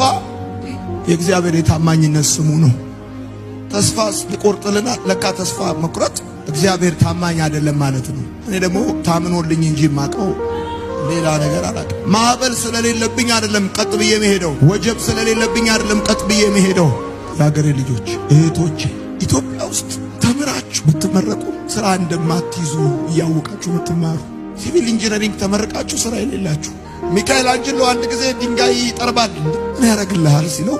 ተስፋ የእግዚአብሔር የታማኝነት ስሙ ነው። ተስፋ ቆርጥልና ለካ ተስፋ መቁረጥ እግዚአብሔር ታማኝ አይደለም ማለት ነው። እኔ ደግሞ ታምኖልኝ እንጂ ማቀው ሌላ ነገር አላውቅም። ማዕበል ስለሌለብኝ አይደለም ቀጥ ብዬ መሄደው። ወጀብ ስለሌለብኝ አይደለም ቀጥ ብዬ መሄደው። የአገሬ ልጆች እህቶች፣ ኢትዮጵያ ውስጥ ተምራችሁ ብትመረቁ ስራ እንደማትይዙ እያወቃችሁ ብትማሩ ሲቪል ኢንጂነሪንግ ተመርቃችሁ ስራ የሌላችሁ ሚካኤል አንጅሎ አንድ ጊዜ ድንጋይ ይጠርባል ምን ያደርግልሃል ሲለው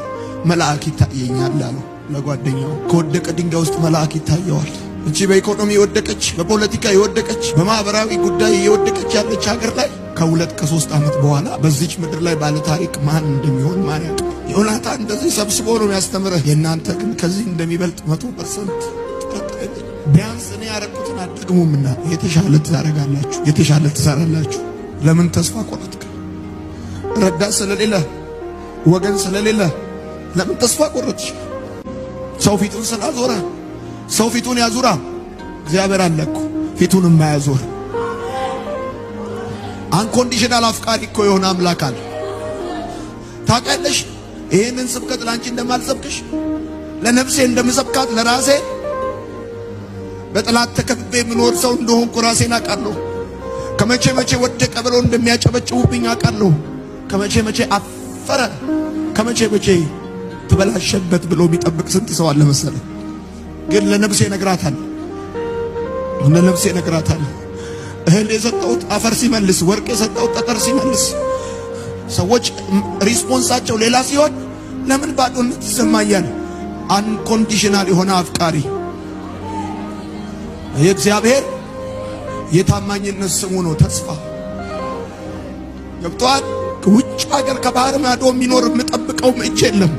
መልአክ ይታየኛል አለው ለጓደኛው። ከወደቀ ድንጋይ ውስጥ መልአክ ይታየዋል። እቺ በኢኮኖሚ የወደቀች በፖለቲካ የወደቀች በማህበራዊ ጉዳይ የወደቀች ያለች ሀገር ላይ ከሁለት ከሶስት ዓመት በኋላ በዚች ምድር ላይ ባለ ታሪክ ማን እንደሚሆን ማን ያውቅ። ዮናታን እንደዚህ ሰብስቦ ነው የሚያስተምርህ። የእናንተ ግን ከዚህ እንደሚበልጥ መቶ ፐርሰንት ቢያንስ እኔ ያረኩትን አደግሙምና የተሻለ ትዛረጋላችሁ፣ የተሻለ ትሰራላችሁ። ለምን ተስፋ ቆረጥ? ረዳት ስለሌለ ወገን ስለሌለ ለምን ተስፋ ቆረጥሽ? ሰው ፊቱን ስላዞረ ሰው ፊቱን ያዙራ። እግዚአብሔር አለ እኮ ፊቱን የማያዞር አንኮንዲሽናል አፍቃሪ እኮ የሆነ አምላክ አለ። ታውቂያለሽ፣ ይህንን ስብከት ላንቺ እንደማልሰብክሽ ለነፍሴ እንደምሰብካት ለራሴ በጠላት ተከብቤ የምኖር ሰው እንደሆንኩ ራሴን አውቃለሁ። ከመቼ መቼ ወደቀ ብለው እንደሚያጨበጭቡብኝ አውቃለሁ። ከመቼ መቼ አፈረ ከመቼ መቼ ትበላሸበት ብሎ የሚጠብቅ ስንት ሰው አለ መሰለ። ግን ለነብሴ ነግራታል፣ ለነብሴ ነግራታል። እህል የሰጠሁት አፈር ሲመልስ፣ ወርቅ የሰጠሁት ጠጠር ሲመልስ፣ ሰዎች ሪስፖንሳቸው ሌላ ሲሆን ለምን ባዶነት ይሰማኛል? አንኮንዲሽናል የሆነ አፍቃሪ የእግዚአብሔር የታማኝነት ስሙ ነው። ተስፋ ገብቷል። ውጭ ሀገር ከባህር ማዶ የሚኖር የምጠብቀው እጅ የለም።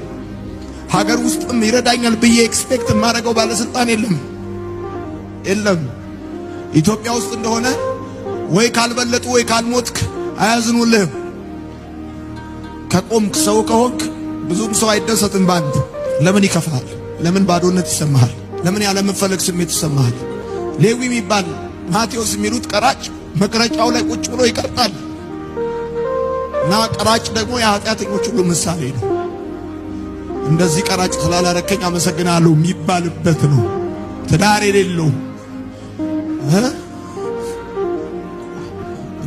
ሀገር ውስጥም ይረዳኛል ብዬ ኤክስፔክት የማደርገው ባለስልጣን የለም የለም። ኢትዮጵያ ውስጥ እንደሆነ ወይ ካልበለጡ ወይ ካልሞትክ አያዝኑልህም። ከቆምክ ሰው ከሆንክ ብዙም ሰው አይደሰትም ባንድ። ለምን ይከፋል? ለምን ባዶነት ይሰማሃል? ለምን ያለመፈለግ ስሜት ይሰማሃል? ሌዊ የሚባል ማቴዎስ የሚሉት ቀራጭ መቅረጫው ላይ ቁጭ ብሎ ይቀርጣል። እና ቀራጭ ደግሞ የኃጢአተኞች ሁሉ ምሳሌ ነው። እንደዚህ ቀራጭ ስላላረከኝ አመሰግናለሁ የሚባልበት ነው። ትዳር የሌለው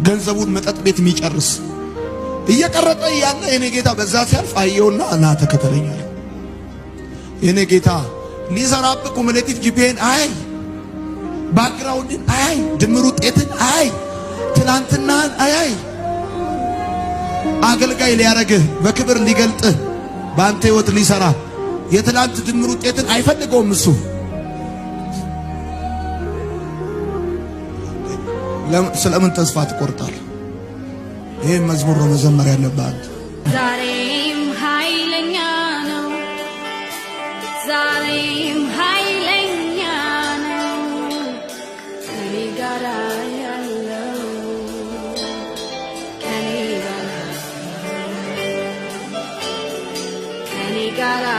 ገንዘቡን መጠጥ ቤት የሚጨርስ እየቀረጠ እያለ የኔ ጌታ በዛ ሲያልፍ አየውና ና ተከተለኛ የኔ ጌታ ሊሰራብ ኮሙሌቲቭ ጂፒኤን አይ ባክግራውንድን አይ ድምር ውጤትን አይ ትናንትናን አይ! አገልጋይ ሊያረግህ በክብር ሊገልጥህ በአንተ ህይወት ሊሰራ የትናንት ድምር ውጤትን አይፈልገውም እሱ። ስለምን ተስፋ ትቆርጣል? ይህም መዝሙር ነው መዘመር ያለብህ። ዛሬም ኃይለኛ ነው። ዛሬም got a